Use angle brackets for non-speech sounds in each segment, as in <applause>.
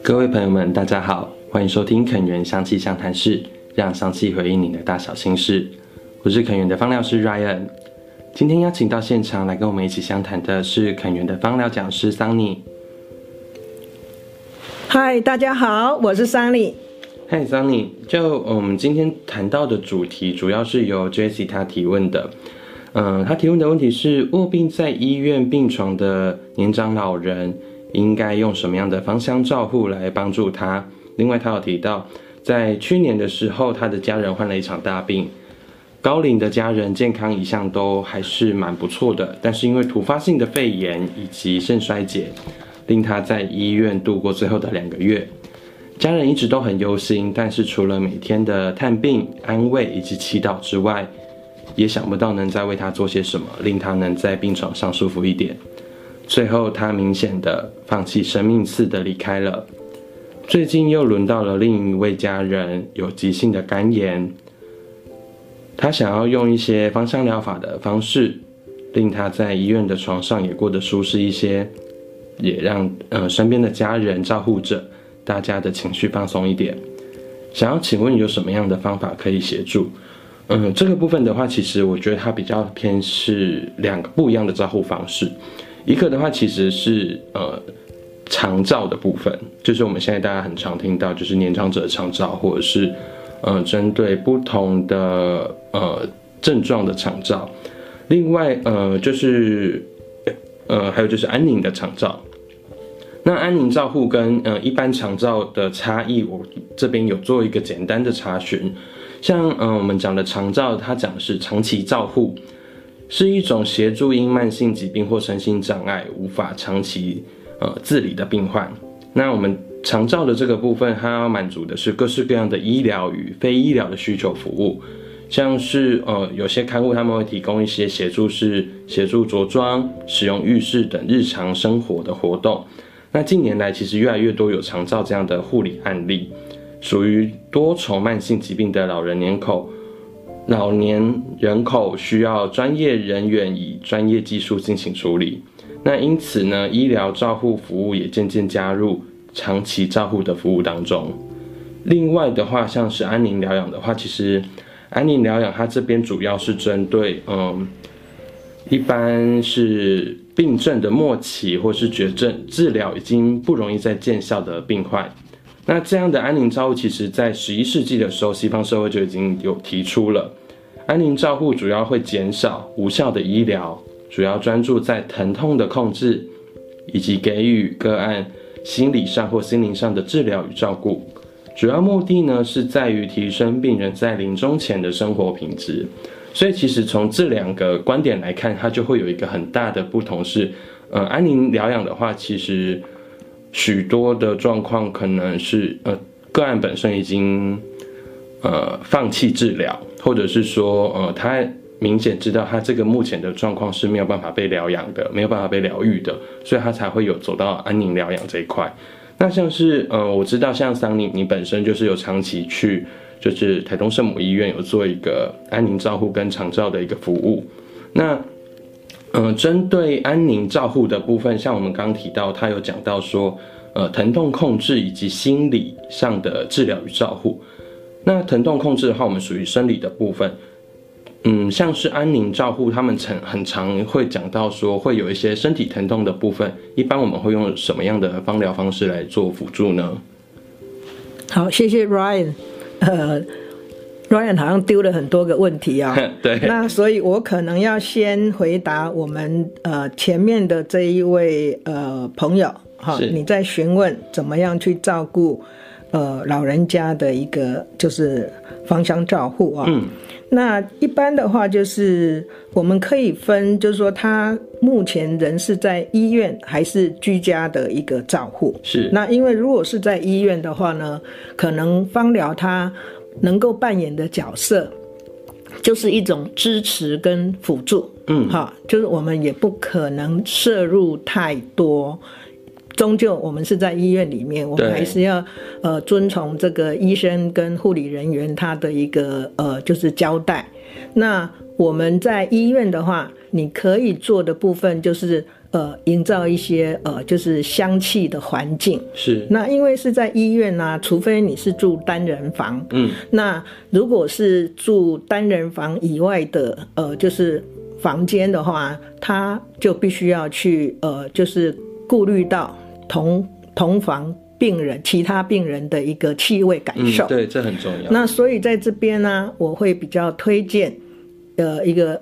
各位朋友們，大家好，歡迎收聽肯園香氣相談室，讓香氣回應你的大小心事。我是肯園的芳療師 Ryan，今天邀請到現場來跟我們一起相談的是肯園的芳療講師 Sunny。嗨，大家好，我是 Sunny。嗨，Sunny。就我們今天談到的主題，主要是由 Jessie 他提問的。嗯，他提問的問題是：臥病在醫院病床的年長老人應該用什麼樣的芳香照護來幫助他？另外，他有提到，在去年的時候，他的家人患了一場大病。高齡的家人健康一向都還是蠻不錯的，但是因為突發性的肺炎以及腎衰竭，令他在醫院度過最後的兩個月。家人一直都很憂心，但是除了每天的探病、安慰以及祈禱之外，也想不到能再為他做些什麼，令他能在病床上舒服一點。最後，他明顯的放棄生命似的離開了。最近又輪到了另一位家人，有急性的肝炎。他想要用一些芳香療法的方式，令他在醫院的床上也過得舒適一些，也讓嗯、呃、身邊的家人照護者，大家的情緒放鬆一點。想要請問有什麼樣的方法可以協助？嗯，這個部分的話，其實我覺得它比較偏是兩個不一樣的照護方式，一個的話其實是呃長照的部分，就是我們現在大家很常聽到，就是年長者的長照，或者是呃針對不同的呃症狀的長照，另外呃就是呃還有就是安寧的長照。那安寧照護跟呃一般長照的差異，我這邊有做一個簡單的查詢。像呃，我們講的長照，它講的是長期照護，是一種協助因慢性疾病或身心障礙無法長期呃自理的病患。那我們長照的這個部分，它要滿足的是各式各樣的醫療與非醫療的需求服務，像是呃有些看護他們會提供一些協助，是協助着裝、使用浴室等日常生活的活動。那近年來其實越來越多有長照這樣的護理案例。屬於多重慢性疾病的老人年口，老年人口需要專業人員以專業技術進行處理。那因此呢，醫療照護服務也漸漸加入長期照護的服務當中。另外的話，像是安寧療養的話，其實安寧療養它這邊主要是針對，嗯，一般是病症的末期或是絕症，治療已經不容易再見效的病患。那這樣的安寧照護，其實，在十一世紀的時候，西方社會就已經有提出了。安寧照護主要會減少無效的醫療，主要專注在疼痛的控制，以及給予個案心理上或心靈上的治療與照顧。主要目的呢，是在於提升病人在臨終前的生活品質。所以，其實從這兩個觀點來看，它就會有一個很大的不同，是，呃，安寧療養的話，其實。許多的狀況可能是呃，個案本身已經呃，放棄治療，或者是說呃，他明顯知道他這個目前的狀況是沒有辦法被療養的，沒有辦法被療愈的，所以他才會有走到安寧療養這一塊。那像是呃，我知道像桑尼，你本身就是有長期去就是台東聖母醫院有做一個安寧照護跟長照的一個服務，那。嗯，針對安寧照護的部分，像我們剛剛提到，他有講到說，呃，疼痛控制以及心理上的治療與照護。那疼痛控制的話，我們屬於生理的部分。嗯，像是安寧照護，他們常很常會講到說，會有一些身體疼痛的部分。一般我們會用什麼樣的芳療方式來做輔助呢？好，謝謝 Ryan、uh。呃。好像丟了很多個問題啊，哦， <laughs> 對，那所以我可能要先回答我們呃前面的這一位呃朋友哈，是你在詢問怎麼樣去照顧呃老人家的一個就是芳香照護啊，嗯，那一般的話就是我們可以分，就是說他目前人是在醫院還是居家的一個照護，是，那因為如果是在醫院的話呢，可能芳療他，能夠扮演的角色，就是一種支持跟輔助，嗯，哈、哦，就是我們也不可能涉入太多，終究我們是在醫院裡面，我們還是要對呃遵從這個醫生跟護理人員他的一個呃就是交代。那我們在醫院的話，你可以做的部分就是。呃，營造一些呃，就是香氣的環境。是。那因為是在醫院呢，除非你是住單人房。嗯。那如果是住單人房以外的呃，就是房間的話，他就必須要去呃，就是顧慮到同同房病人、其他病人的一個氣味感受。嗯，對，這很重要。那所以在這邊呢，我會比較推薦呃一個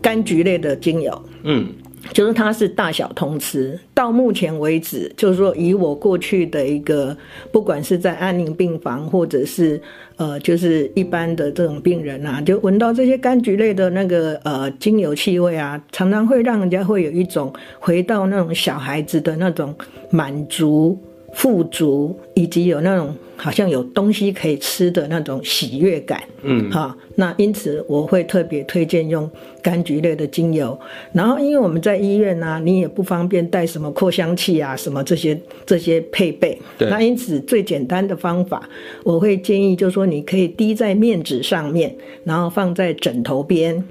柑橘類的精油。嗯。就是它是大小通吃。到目前為止，就是說以我過去的一個，不管是在安寧病房，或者是呃，就是一般的這種病人吶、啊，就聞到這些柑橘類的那個呃精油氣味啊，常常會讓人家會有一種回到那種小孩子的那種滿足。富足，以及有那種好像有東西可以吃的那種喜悅感。嗯，好、哦，那因此我會特別推薦用柑橘類的精油。然後因為我們在醫院呢、啊，你也不方便帶什麼擴香器啊，什麼這些這些配備。對，那因此最簡單的方法，我會建議就是說，你可以滴在面紙上面，然後放在枕頭邊，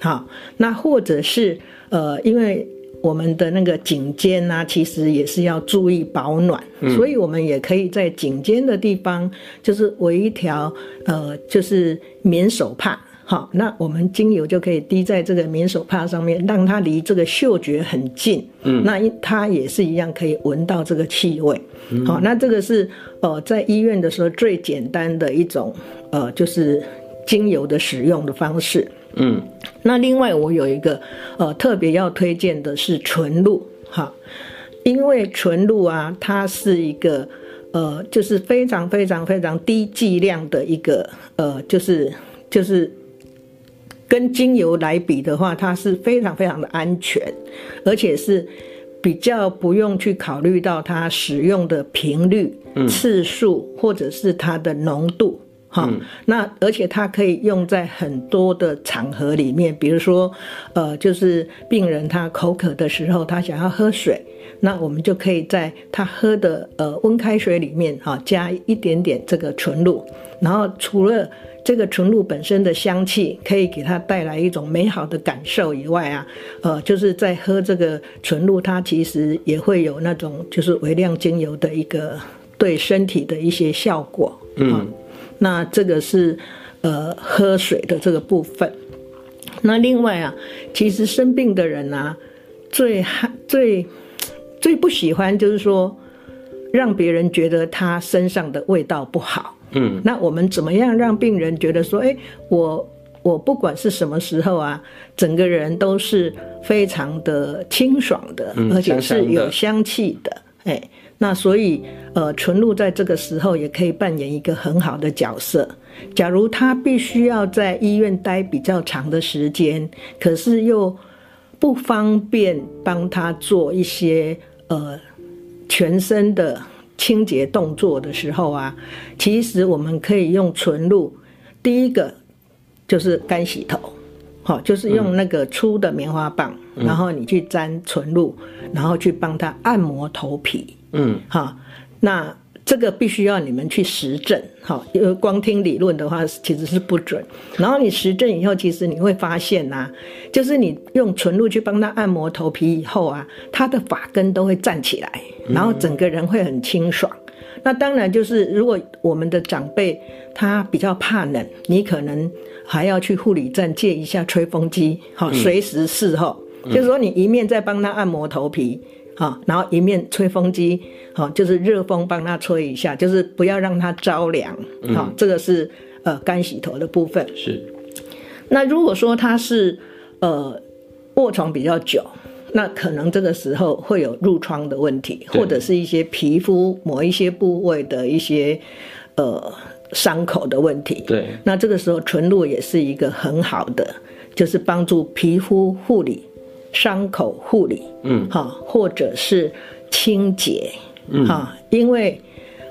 好、哦，那或者是呃，因為。我們的那個頸肩啊，其實也是要注意保暖，嗯、所以我們也可以在頸肩的地方，就是圍一條呃，就是棉手帕。好、哦，那我們精油就可以滴在這個棉手帕上面，讓它離這個嗅覺很近。嗯，那它也是一樣可以聞到這個氣味。好、嗯哦，那這個是呃，在醫院的時候最簡單的一種呃，就是精油的使用的方式。嗯，那另外我有一個呃特別要推薦的是純露哈，因為純露啊，它是一個呃就是非常非常非常低劑量的一個呃就是，就是跟精油來比的話，它是非常非常的安全，而且是比較不用去考慮到它使用的頻率、次數或者是它的濃度。嗯嗯，那而且它可以用在很多的場合裡面，比如說，呃，就是病人他口渴的時候，他想要喝水，那我們就可以在他喝的呃溫開水裡面啊加一點點這個純露，然後除了這個純露本身的香氣可以給他帶來一種美好的感受以外啊，呃，就是在喝這個純露，它其實也會有那種就是微量精油的一個對身體的一些效果，嗯。那這個是，呃，喝水的這個部分。那另外啊，其實生病的人啊，最害最最不喜歡就是說，讓別人覺得他身上的味道不好。嗯。那我們怎麼樣讓病人覺得說，哎、欸，我我不管是什麼時候啊，整個人都是非常的清爽的，嗯、酸酸的，而且是有香氣的。哎、欸。那所以，呃，純露在這個時候也可以扮演一個很好的角色。假如他必須要在醫院待比較長的時間，可是又不方便幫他做一些呃全身的清潔動作的時候啊,其實我們可以用純露。第一個就是乾洗頭。好、哦，就是用那個粗的棉花棒，嗯、然後你去沾純露，然後去幫他按摩頭皮。嗯，好、哦，那這個必須要你們去實證，好、哦，因為光聽理論的話其實是不準。然後你實證以後，其實你會發現啊，就是你用純露去幫他按摩頭皮以後啊，他的髮根都會站起來，然後整個人會很清爽。嗯嗯那當然就是，如果我們的長輩他比較怕冷，你可能還要去護理站借一下吹風機，好隨、嗯、時伺候。嗯、就是說，你一面在幫他按摩頭皮，好，然後一面吹風機，好，就是熱風幫他吹一下，就是不要讓他着涼，好、嗯，這個是呃乾洗頭的部分。是。那如果說他是呃臥床比較久。那可能這個時候會有褥瘡的問題，對或者是一些皮膚某一些部位的一些呃傷口的問題。對，那這個時候純露也是一個很好的，就是幫助皮膚護理、傷口護理，嗯，哈，或者是清潔，嗯，哈，因為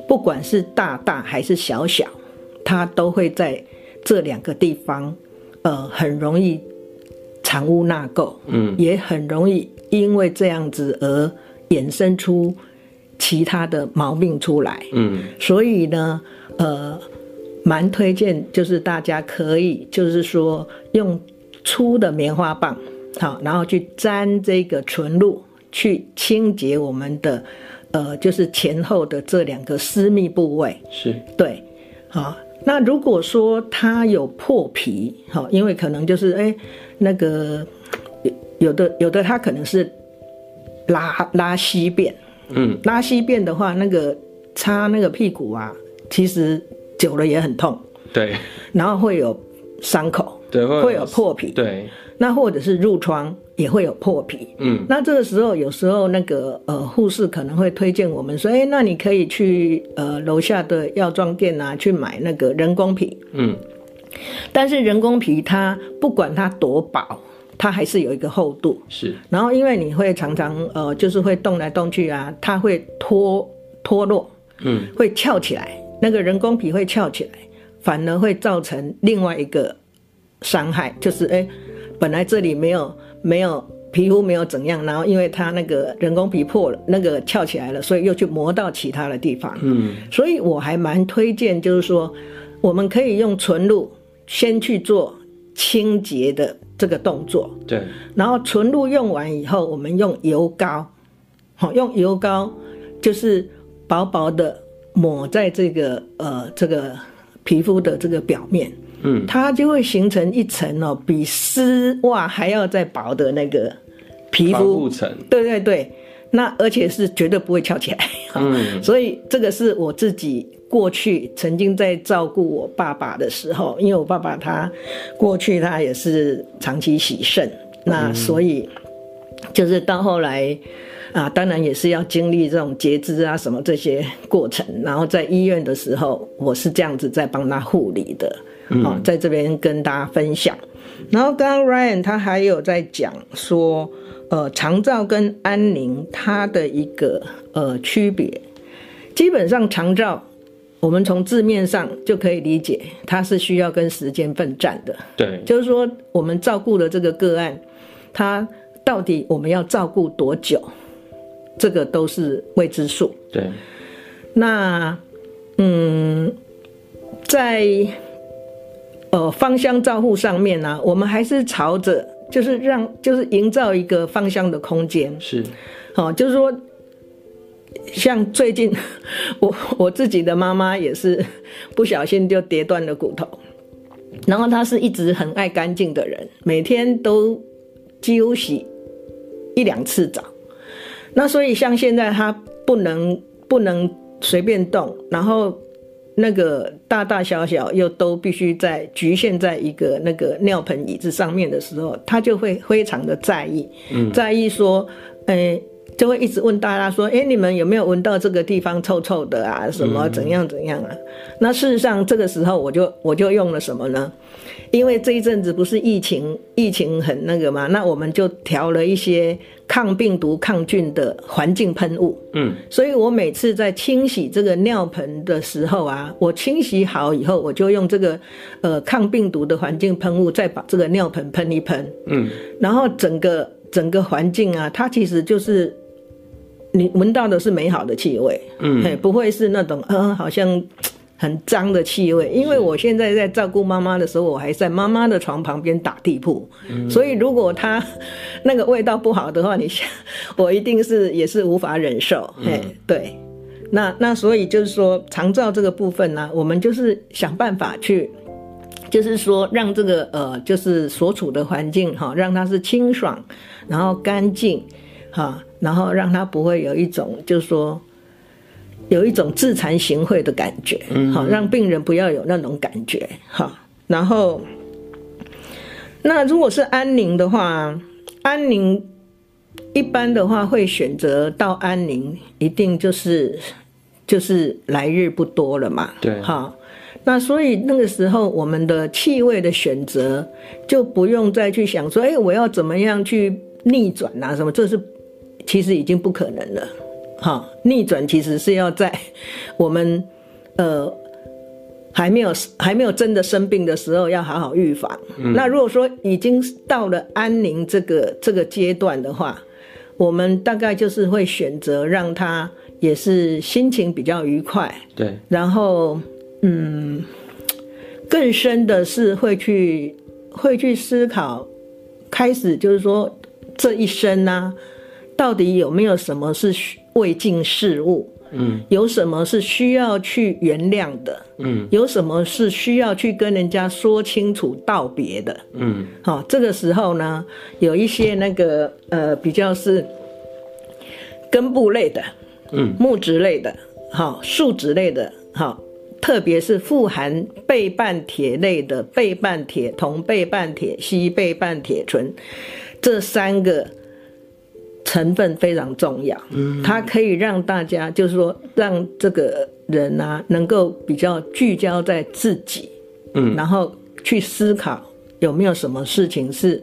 不管是大大還是小小，它都會在這兩個地方，呃，很容易藏污納垢，嗯，也很容易。因為這樣子而衍生出其他的毛病出來，嗯，所以呢，呃，蠻推薦就是大家可以，就是說用粗的棉花棒，好、哦，然後去沾這個純露去清潔我們的，呃，就是前後的這兩個私密部位，是對，好、哦，那如果說它有破皮，哦、因為可能就是哎、欸、那個。有的有的，他可能是拉拉稀便，嗯，拉稀便的話，那個擦那個屁股啊，其實久了也很痛，對，然後會有傷口，對，會有破皮，對，那或者是褥瘡也會有破皮，嗯，那這個時候有時候那個呃護士可能會推薦我們說，哎、欸，那你可以去呃樓下的藥妝店啊去買那個人工皮，嗯，但是人工皮它不管它多薄。它還是有一個厚度，是。然後因為你會常常呃，就是會動來動去啊，它會脫脫落，嗯，會翹起來，那個人工皮會翹起來，反而會造成另外一個傷害，就是誒，本來這裡沒有沒有皮膚沒有怎樣，然後因為它那個人工皮破了，那個翹起來了，所以又去磨到其他的地方，嗯，所以我還蠻推薦，就是說我們可以用純露先去做。清潔的這個動作，對。然後純露用完以後，我們用油膏，好、哦，用油膏就是薄薄的抹在這個呃這個皮膚的這個表面，嗯，它就會形成一層哦，比絲襪還要再薄的那個皮膚，對對對。那而且是絕對不會翹起來、嗯哦，所以這個是我自己過去曾經在照顧我爸爸的時候，因為我爸爸他過去他也是長期洗腎，嗯、那所以就是到後來啊，當然也是要經歷這種截肢啊什麼這些過程，然後在醫院的時候，我是這樣子在幫他護理的，好、嗯哦，在這邊跟大家分享。然後剛剛 Ryan 他還有在講說。呃，長照跟安寧它的一個呃區別，基本上長照，我們從字面上就可以理解，它是需要跟時間奮戰的。對，就是說我們照顧了這個個案，它到底我們要照顧多久，這個都是未知數。對，那嗯，在呃芳香照護上面呢、啊，我們還是朝着。就是讓，就是營造一個芳香的空間，是，哦，就是說，像最近，我我自己的媽媽也是，不小心就跌斷了骨頭，然後她是一直很愛乾淨的人，每天都幾乎洗一兩次澡，那所以像現在她不能不能隨便動，然後。那個大大小小又都必須在局限在一個那個尿盆椅子上面的時候，他就會非常的在意，嗯，在意說，欸就會一直問大家說：“哎，你們有沒有聞到這個地方臭臭的啊？什麼怎樣怎樣啊？”嗯，那事實上，這個時候我就我就用了什麼呢？因為這一陣子不是疫情，疫情很那個嘛，那我們就調了一些抗病毒、抗菌的環境噴霧。嗯，所以我每次在清洗這個尿盆的時候啊，我清洗好以後，我就用這個呃抗病毒的環境噴霧，再把這個尿盆噴一噴。嗯，然後整個整個環境啊，它其實就是。你聞到的是美好的氣味，嗯，不會是那種呃，好像很髒的氣味。因為我現在在照顧媽媽的時候，我還在媽媽的床旁邊打地鋪，嗯、所以如果她那個味道不好的話，你想我一定是也是無法忍受。嘿、嗯，對，那那所以就是說，長照這個部分呢、啊，我們就是想辦法去，就是說讓這個呃，就是所處的環境哈，讓它是清爽，然後乾淨。哈，然後讓他不會有一種，就是說，有一種自慚形穢的感覺。嗯，好，讓病人不要有那種感覺。哈，然後，那如果是安寧的話，安寧一般的話會選擇到安寧，一定就是就是來日不多了嘛。對，哈，那所以那個時候我們的氣味的選擇就不用再去想說，哎，我要怎麼樣去逆轉啊？什麼？這是。其實已經不可能了，哈、哦！逆轉其實是要在我們呃還沒有還沒有真的生病的時候要好好預防。嗯、那如果說已經到了安寧這個這個階段的話，我們大概就是會選擇讓他也是心情比較愉快，對。然後，嗯，更深的是會去會去思考，開始就是說這一生吶、啊。到底有沒有什麼是未竟事務？嗯，有什麼是需要去原諒的？嗯，有什麼是需要去跟人家說清楚道別的？嗯，好、哦，這個時候呢，有一些那個呃，比較是根部類的，嗯，木質類的，好、嗯，樹脂類的，好、哦，特別是富含倍半萜類的倍半萜酮、倍半萜烯、倍半萜醇，這三個。成分非常重要，嗯，它可以讓大家就是說，讓這個人啊，能夠比較聚焦在自己，嗯，然後去思考有沒有什麼事情是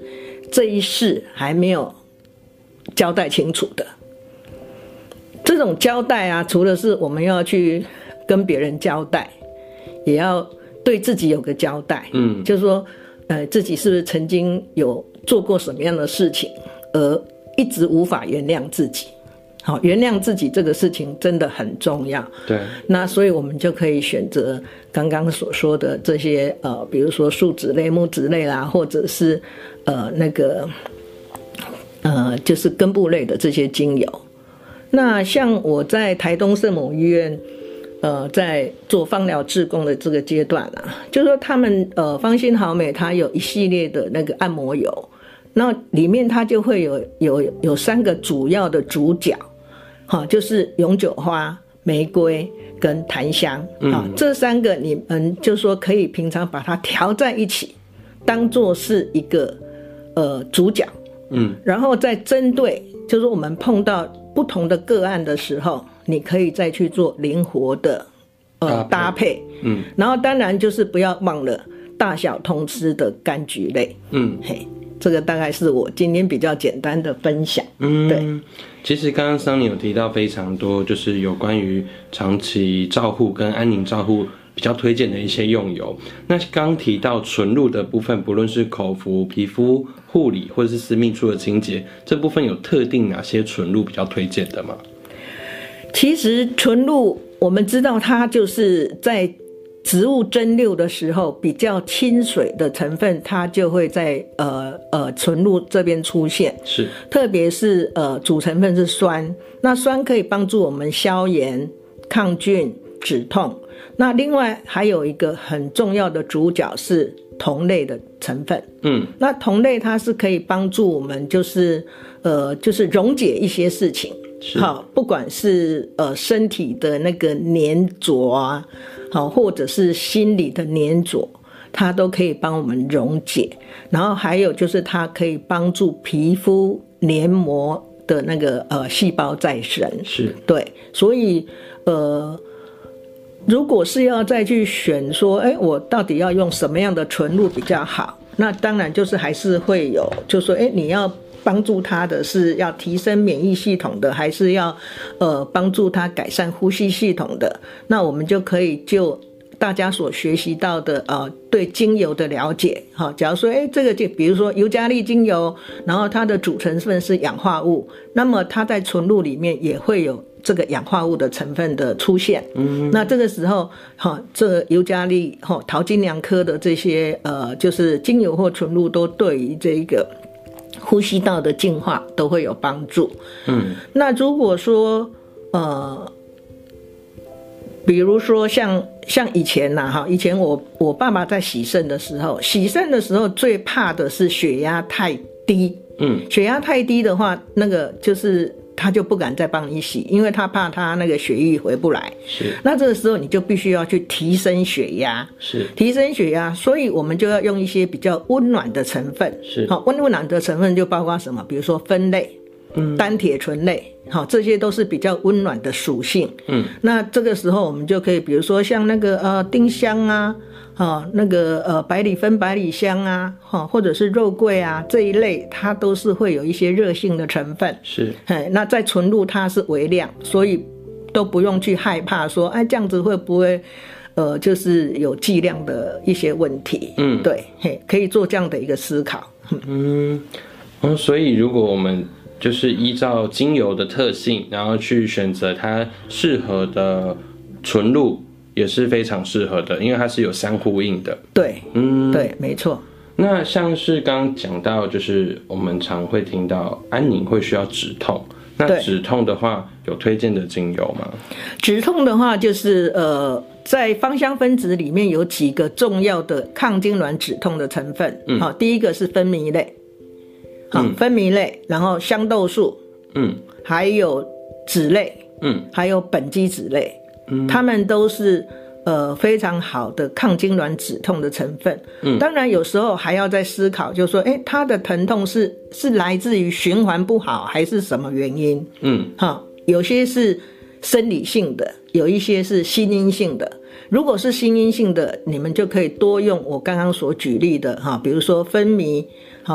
這一世還沒有交代清楚的。這種交代啊，除了是我們要去跟別人交代，也要對自己有個交代，嗯，就是說，呃，自己是不是曾經有做過什麼樣的事情而。一直無法原諒自己，好，原諒自己這個事情真的很重要。對，那所以我們就可以選擇剛剛所說的這些呃，比如說樹脂類、木質類啦，或者是呃那個呃就是根部類的這些精油。那像我在台東聖母醫院，呃，在做芳療志工的這個階段啊，就是說他們呃芳心好美，它有一系列的那個按摩油。那裡面它就會有有有三個主要的主角，哈，就是永久花、玫瑰跟檀香啊，嗯，這三個你們就說可以平常把它調在一起，當做是一個呃主角，嗯，然後再針對就是我們碰到不同的個案的時候，你可以再去做靈活的呃搭配，搭配，嗯，然後當然就是不要忘了大小通吃的柑橘類，嗯嘿。這個大概是我今天比較簡單的分享。嗯，對。其實剛剛桑尼有提到非常多，就是有關於長期照護跟安寧照護比較推薦的一些用油。那剛提到純露的部分，不論是口服、皮膚護理或者是私密處的清潔，這部分有特定哪些純露比較推薦的嗎？其實純露，我們知道它就是在。植物蒸餾的時候，比較親水的成分，它就會在呃呃純露這邊出現，是，特別是呃主成分是酸，那酸可以幫助我們消炎、抗菌、止痛。那另外還有一個很重要的主角是酮類的成分，嗯，那酮類它是可以幫助我們，就是呃就是溶解一些事情。是。好，不管是呃身體的那個黏着啊，好，或者是心理的黏着，它都可以幫我們溶解。然後還有就是它可以幫助皮膚黏膜的那個呃細胞再生。是，對。所以呃，如果是要再去選說，欸，我到底要用什麼樣的純露比較好？那當然就是還是會有，就是說，欸，你要。幫助他的是要提升免疫系統的，還是要呃幫助他改善呼吸系統的？那我們就可以就大家所學習到的，呃，對精油的了解，哈、哦。假如說，誒、哎、這個就比如說尤加利精油，然後它的主成分是氧化物，那麼它在純露裡面也會有這個氧化物的成分的出現。嗯，那這個時候，哈、哦，這尤加利，哈、哦，桃金娘科的這些，呃，就是精油或純露都對於這一個。呼吸道的淨化都會有幫助。嗯，那如果說，呃，比如說像像以前吶，哈，以前我我爸爸在洗腎的時候，洗腎的時候最怕的是血壓太低。嗯，血壓太低的話，那個就是。他就不敢再幫你洗，因為他怕他那個血液回不來。是，那這個時候你就必須要去提升血壓。是，提升血壓，所以我們就要用一些比較溫暖的成分。是，好，溫暖的成分就包括什麼？比如說酚類，嗯，單萜醇類，好，這些都是比較溫暖的屬性。嗯，那這個時候我們就可以，比如說像那個呃丁香啊。哦，那個呃，百里酚、百里香啊，哈，或者是肉桂啊這一類，它都是會有一些熱性的成分。是，嘿，那在純露它是微量，所以都不用去害怕說，哎、啊，這樣子會不會，呃，就是有劑量的一些問題？嗯，對，嘿，可以做這樣的一個思考。嗯，嗯、哦，所以如果我們就是依照精油的特性，然後去選擇它適合的純露，也是非常適合的，因為它是有相呼應的。對，嗯，對，沒錯。那像是剛剛講到，就是我們常會聽到安寧會需要止痛，對那止痛的話有推薦的精油嗎？止痛的話，就是呃，在芳香分子裡面有幾個重要的抗痙攣止痛的成分。嗯，好，第一個是分泌類，好、嗯，分泌類，然後香豆素，嗯，還有酯類，嗯，還有苯基酯類。他們都是呃非常好的抗痙攣止痛的成分。嗯，當然有時候還要再思考，就是說，誒，欸，他的疼痛是是來自於循環不好，還是什麼原因？嗯，哈，有些是生理性的，有一些是心因性的。如果是心因性的，你們就可以多用我剛剛所舉例的哈，比如說酚醚、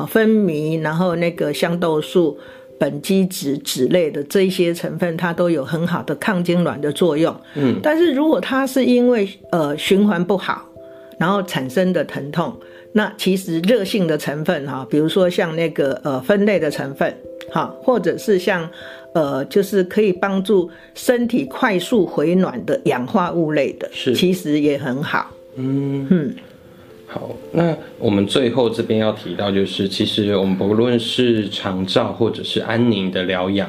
酚醚然後那個香豆素。苯基酯酯類的這一些成分，它都有很好的抗痙攣的作用。嗯，但是如果它是因為呃循環不好，然後產生的疼痛，那其實熱性的成分哈，比如說像那個呃酚類的成分，哈，或者是像呃就是可以幫助身體快速回暖的氧化物類的，是其實也很好。嗯嗯。嗯好，那我們最後這邊要提到，就是其實我們不論是長照或者是安寧的療養，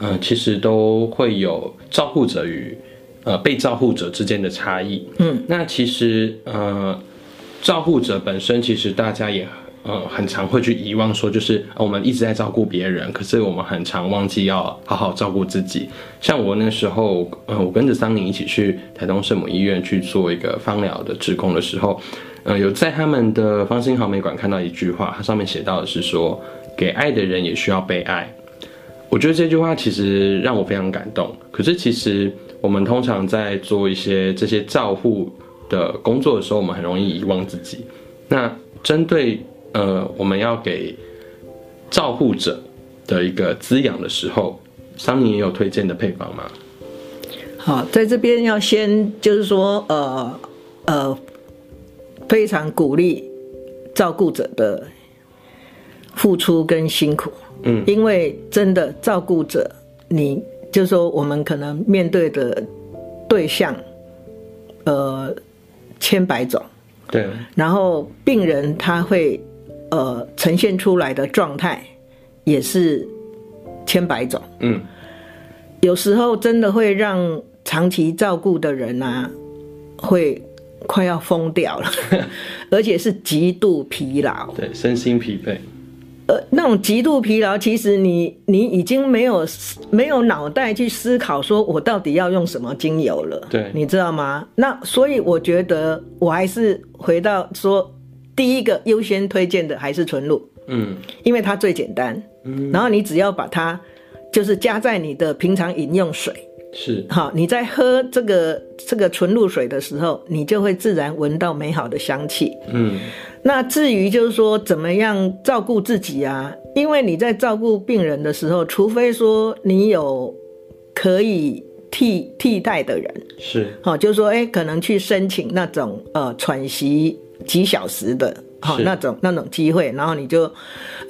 嗯、呃，其實都會有照顧者與呃被照顧者之間的差異。嗯，那其實呃，照顧者本身其實大家也呃很常會去遺忘，說就是、呃、我們一直在照顧別人，可是我們很常忘記要好好照顧自己。像我那時候，呃，我跟着桑尼一起去台東聖母醫院去做一個芳療的志工的時候。呃，有在他們的芳心好美館看到一句話，它上面寫到的是說，給愛的人也需要被愛。我覺得這句話其實讓我非常感動。可是其實我們通常在做一些這些照護的工作的時候，我們很容易遺忘自己。那針對呃，我們要給照護者的一個滋養的時候，Sunny 也有推薦的配方嗎？好，在這邊要先就是說呃呃。呃非常鼓勵照顧者的付出跟辛苦，嗯，因為真的照顧者，你就說我們可能面對的對象，呃，千百種，對，然後病人他會呃呈現出來的狀態也是千百種，嗯，有時候真的會讓長期照顧的人啊會。快要瘋掉了，而且是極度疲勞， <laughs> 對，身心疲憊。呃，那種極度疲勞，其實你你已經沒有沒有腦袋去思考，說我到底要用什麼精油了，對，你知道嗎？那所以我覺得我還是回到說，第一個優先推薦的還是純露，嗯，因為它最簡單，嗯，然後你只要把它就是加在你的平常飲用水。是好，你在喝這個這個純露水的時候，你就會自然聞到美好的香氣。嗯，那至於就是說怎麼樣照顧自己啊？因為你在照顧病人的時候，除非說你有可以替替代的人，是好，就是說哎、欸，可能去申請那種呃喘息幾小時的好是那種那種機會，然後你就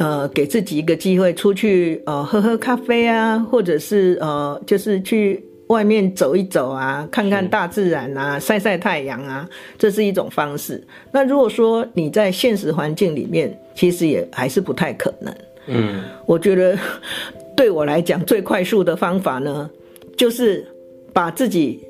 呃給自己一個機會出去呃喝喝咖啡啊，或者是呃就是去。外面走一走啊，看看大自然啊，是曬曬太陽啊，這是一種方式。那如果說你在現實環境裡面，其實也還是不太可能。嗯，我覺得對我來講最快速的方法呢，就是把自己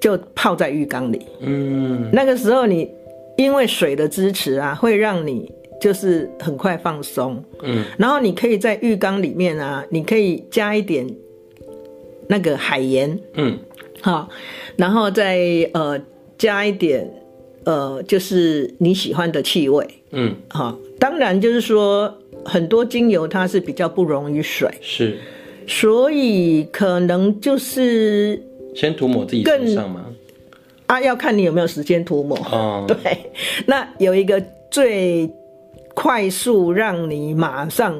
就泡在浴缸裡。嗯，那個時候你因為水的支持啊，會讓你就是很快放鬆。嗯，然後你可以在浴缸裡面啊，你可以加一點。那個海鹽，嗯，好、哦，然後再呃加一點，呃，就是你喜歡的氣味，嗯，好、哦，當然就是說很多精油它是比較不溶於水，是，所以可能就是先塗抹自己身上嗎？啊，要看你有沒有時間塗抹，哦、對，那有一個最快速讓你馬上。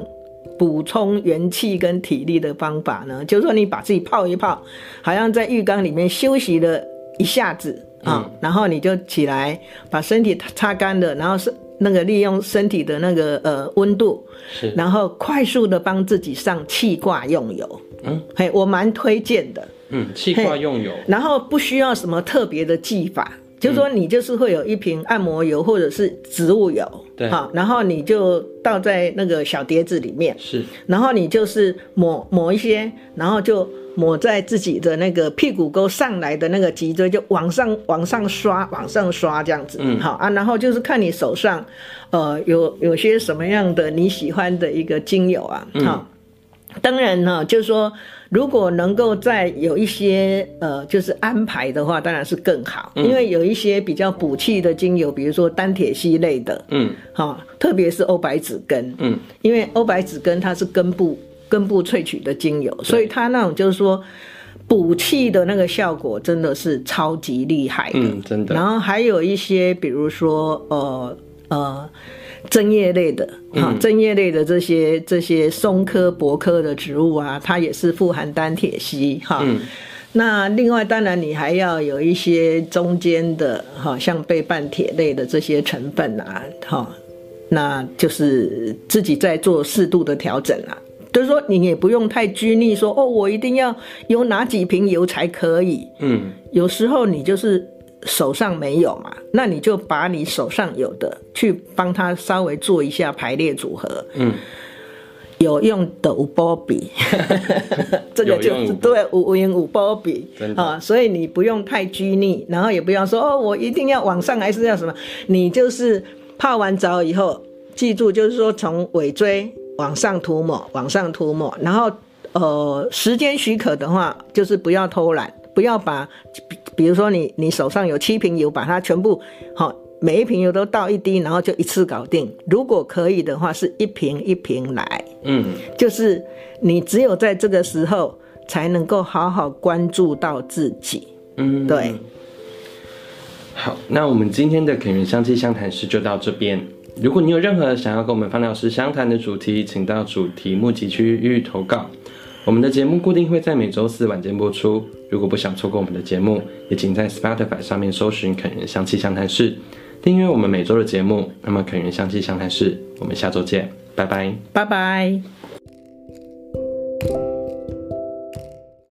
補充元氣跟體力的方法呢，就是說你把自己泡一泡，好像在浴缸裡面休息了一下子、嗯、啊，然後你就起來，把身體擦乾了，然後是那個利用身體的那個呃溫度，是，然後快速的幫自己上氣掛用油，嗯，嘿，我蠻推薦的，嗯，氣掛用油，然後不需要什麼特別的技法，就是說，你就是會有一瓶按摩油或者是植物油，好、嗯，然後你就倒在那個小碟子裡面，是，然後你就是抹抹一些，然後就抹在自己的那個屁股溝上來的那個脊椎，就往上往上刷，往上刷這樣子，嗯，好啊，然後就是看你手上，呃，有有些什麼樣的你喜歡的一個精油啊，好、嗯哦，當然呢、啊，就是說。如果能夠再有一些呃，就是安排的話，當然是更好，嗯、因為有一些比較補氣的精油，比如說單萜烯類的，嗯，特別是歐白芷根，嗯，因為歐白芷根它是根部根部萃取的精油，對所以它那種就是說補氣的那個效果真的是超級厲害的，嗯，真的。然後還有一些，比如說呃呃。呃針葉類的啊，針葉、嗯、類的這些這些松科、柏科的植物啊，它也是富含單萜烯哈。嗯、那另外當然你還要有一些中間的哈，像倍半萜類的這些成分啊，哈，那就是自己在做適度的調整了、啊。就是說你也不用太拘泥說哦，我一定要有哪幾瓶油才可以。嗯，有時候你就是。手上沒有嘛，那你就把你手上有的去幫他稍微做一下排列組合。嗯，有用的有保庇，這個就是對五五元有保庇啊。所以你不用太拘泥，然後也不要說哦，我一定要往上還是要什麼？你就是泡完澡以後，記住就是說從尾椎往上塗抹，往上塗抹。然後，呃，時間許可的話，就是不要偷懶，不要把。比如說你，你手上有七瓶油，把它全部，好，每一瓶油都倒一滴，然後就一次搞定。如果可以的話，是一瓶一瓶來。嗯，就是你只有在這個時候才能夠好好關注到自己。嗯，對。好，那我們今天的《肯園香氣相談室》就到這邊。如果你有任何想要跟我們芳療師相談的主題，請到主題募集區預投稿。我們的節目固定會在每周四晚間播出。如果不想錯過我們的節目，也請在 Spotify 上面搜尋“肯園香氣相談室”，訂閱我們每周的節目。那麼，肯園香氣相談室，我們下周見，拜拜，拜拜。